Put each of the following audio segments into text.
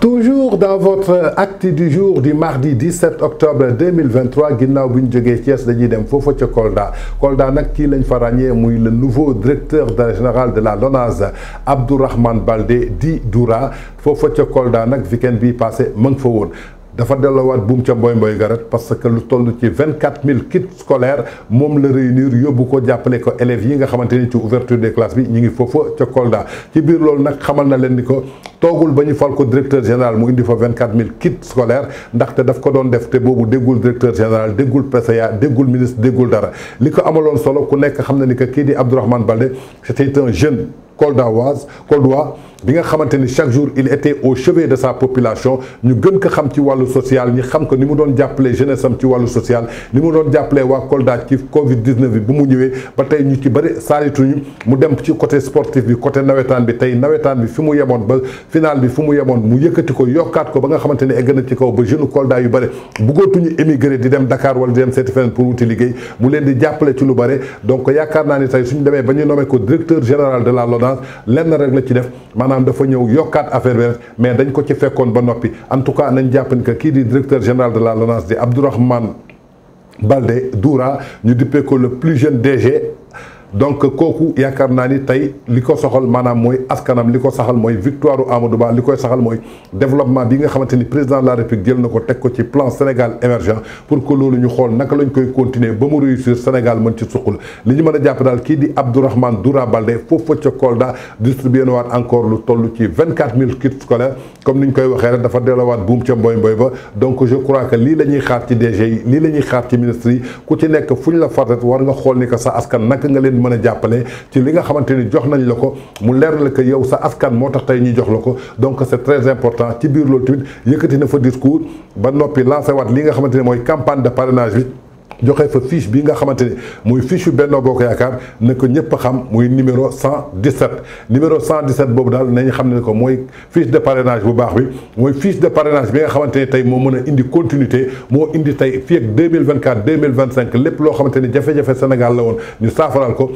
toujours dans votre acte du jour du mardi 17 octobre 2023 ginnaaw Bindjogé Thiès dañuy Kolda Kolda le nouveau directeur général de la LONAS, Abdourahmane Balde dit Doura foofa Kolda Nak, weekend bi passé ma dafa delluwaat buum ca mboy garat parce que lu toll ci vingt kits scolaires mom le réunir yóbbu ko jàppale ko élèves yi nga xamante ci ouverture des classes bi ñi ngi fofu ca colda ci bir loolu nak xamal na len ni ko togul bañu fal ko directeur général mu indi fa vingt kits scolaires ndaxte daf ko don def te bobu déggul directeur général déggul PCA déggul ministre déggul dara liko amalon solo ku nek xamna ni que ki di Abdourahmane Baldé c'était un jeune Koldaoise Koldois bi nga xamante chaque jour il était au chevet de sa population ñu gën ko xam ci walu social ñu xam ko ni mu doon jàppale jeunesse am ci walu social ni mu doon jàppale wa Kolda ci Covid 19 bi bu mu ñëwé ba tay ñu ci bëri saalituñu mu dem ci côté sportif bi côté nawétan bi tay nawétan bi fi mu yemoon ba final bi fi mu yemoon mu yëkëti ko yokkat ko ba nga xamanteni é egg na ci kaw ba jeune Kolda yu bari bëri bëggootuñu émigrer di dem Dakar wala di dem seeti feneen pour outil liggéey mu leen di jàppale ci lu bari donc yaakaar naa ni tay suñu démé ba ñu nommé ko directeur général de la LONASE lenn rek la ci def de dafa ñëw yokkat affaire bi mais dañ ko ci fekkoon ba nopi en tout cas nañ à ni que ki di directeur général de la LONASE di Abdourahmane Balde, Doura ñu dippé ko le plus jeune DG donc koku yakarna ni tay liko ko soxal maanaam askanam liko saxal moy victoire Amadou Ba li saxal moy développement bi nga xamanteni président de la République jël na ko ci plan Sénégal émergent pour que lolu ñu xol naka lañ koy continuer ba mu réussir Sénégal mën ci suqal li ñu mën a jàpp daal di Abdourahmane Doura balde fofu ci Kolda distribuer encore lu tollu ci vingt kits scolaires comme ni ñu koy waxé rek dafa delluwaat buum ci mboy mboy ba donc je crois que li lañuy xaar ci DG li lañuy xaar ci ministre ku ci nek fuñ la far war nga xol ni que sa askan naka nga leen lañ mën a jàppale ci li nga xamante ni jox nañ la ko mu leer la que yow sa askan moo tax tey ñuy jox la ko donc c' très important ci biir loolu tamit yëkkati na fa discours ba noppi lancé waat li nga xamante ne mooy campagne de parrainage bi. joxe fa fiche bi nga xamantene moy fiche Benno Bokk yakar ne ko ñepp xam moy numéro 117 numéro 117 bobu dal. nañu xam ne ko moy fiche de parrainage bu baax bi moy fiche de parrainage bi nga xamantene tay mo meuna indi continuité mo indi tay fii ak 2024 2025 lepp lo xamantene jafé jafé Sénégal la won ñu safaral ko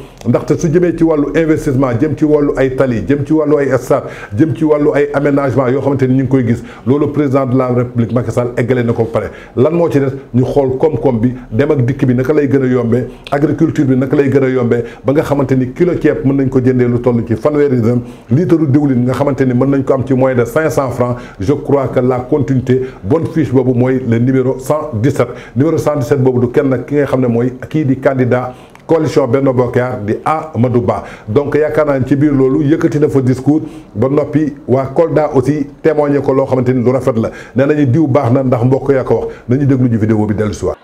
te su jëmee ci walu investissement jëm ci walu ay tali jëm ci walu ay stade jëm ci walu ay aménagement yo xamantene ñing koy gis loolu président de la République Macky Sall égalé nako paré lan mo ci des ñu xol koom-koom bi dem dem ak dikk bi naka lay gën a yombee agriculture bi naka lay gën a yombee ba nga xamante ni kilo ceeb mën nañ ko jëndee lu toll ci fanweeri dërëm litre diwlin nga xamante ni mën nañ ko am ci moyen de 500 francs je crois que la continuité bonne fiche boobu mooy le numéro 117 numéro 117 boobu du kenn nag ki nga xam ne mooy kii di candidat coalition Benno Bokk Yaakaar di Amadou Ba donc yaakaar naa ci biir loolu yëkkati na fa discours ba noppi waa Kolda aussi témoigné ko loo xamante ni lu rafet la nee nañu diw baax na ndax mbokk yaa ko wax nañu déglu ñu vidéo bi dellu si waat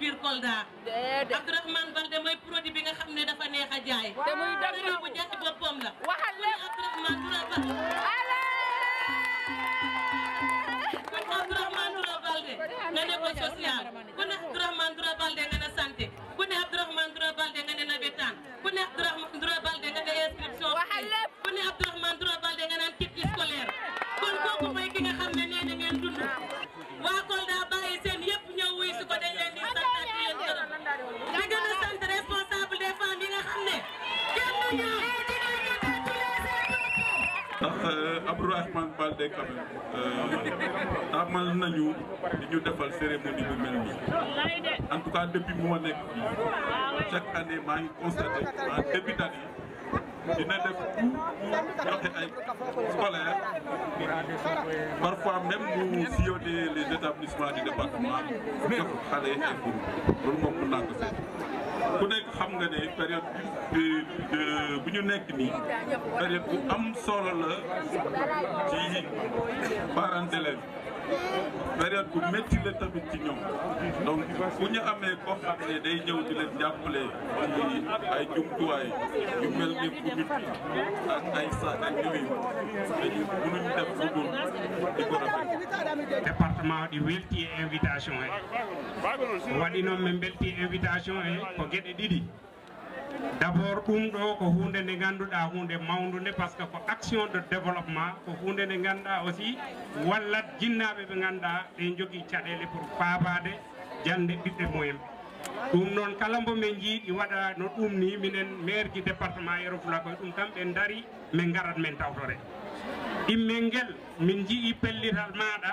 biir Kolda. déedéet Abdourahmane Baldé mooy produit bi nga xam ne dafa neex a jaay. te muy dëgg bu jaay boppam la. waxal lépp Abdourahmane Dura Baldé. kon Abdourahmane Dura Baldé ko social kon Dura Baldé. ndax euh, Abdourahmane Baldé quand même euh, taamal nañu di ñu defal cérémonie bu mel nii en tout cas depuis mu ma nekk fii chaque année maa ngi constaté en début d'année dina def tout pour joxe ay scolaire parfois même mu sillonner les établissements du département jox xale ay groupe loolu moom naa ko seet ku nekk xam nga ne période bu ñu nekk nii période bu am solo la ci parents d'élèves bu metti la tamit ci ñoom donc bu ñu amee koo xam ne day jëw di leen jàppale ci ay jumtuwaay yu mel ni bugit ak ay sa ak yooyu dañu def lu dul di ko ma waɗi welti e invitation he waɗi noon min belti invitation he ko gueɗe ɗiɗi d' abord ɗum ɗo ko hunde nde ganduɗa hunde mawdude par ce que ko action de développement ko hunde nde ganduɗa aussi wallat jinnaɓe ɓe ganduɗa ɗen jogui caɗele pour faabade jande ɓiɓɓe mumen ɗum noon kala mbo min jiiɗi waɗa no ɗum ni minen maire ji département yero fula koye ɗum tan ɓe daari min garat min tawtore ɗimmel nguel min jii pellital maɗa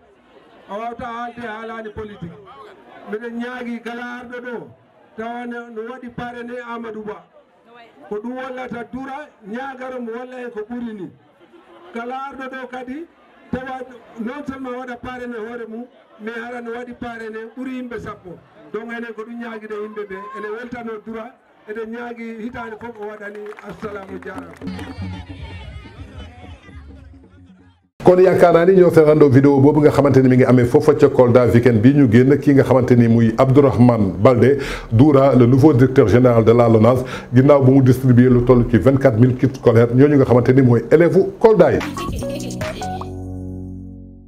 o wawta haalde haalani politique miɗen ñaagui gala arɗo ɗo tawane no waɗi parene amadou ba ko ɗum wallata dura ñagaromo walla e ko ɓuri ni gala arɗo ɗo kadi tawa non seulement waɗa parene hoore mum mais hara no waɗi parene ɓuuri yimɓe sappo donc enen ko ɗum ñaguiɗe yimɓe ɓe ene weltano dura eɗen ñaagui hitande foof o waɗani assalamu jarama kon yaakaar naa ni ñoo seeraandoo vidéo bobu nga xamanteni mi ngi amé fofu ci Kolda weekend bi ñu génn ki nga xamanteni ni muy Abdourahmane Baldé Doura le nouveau directeur général de la LONAS ginnaw bu mu distribuer lu toll ci 24000 kits scolaires ñooñu nga xamanteni moy mooy élèves Kolda yi.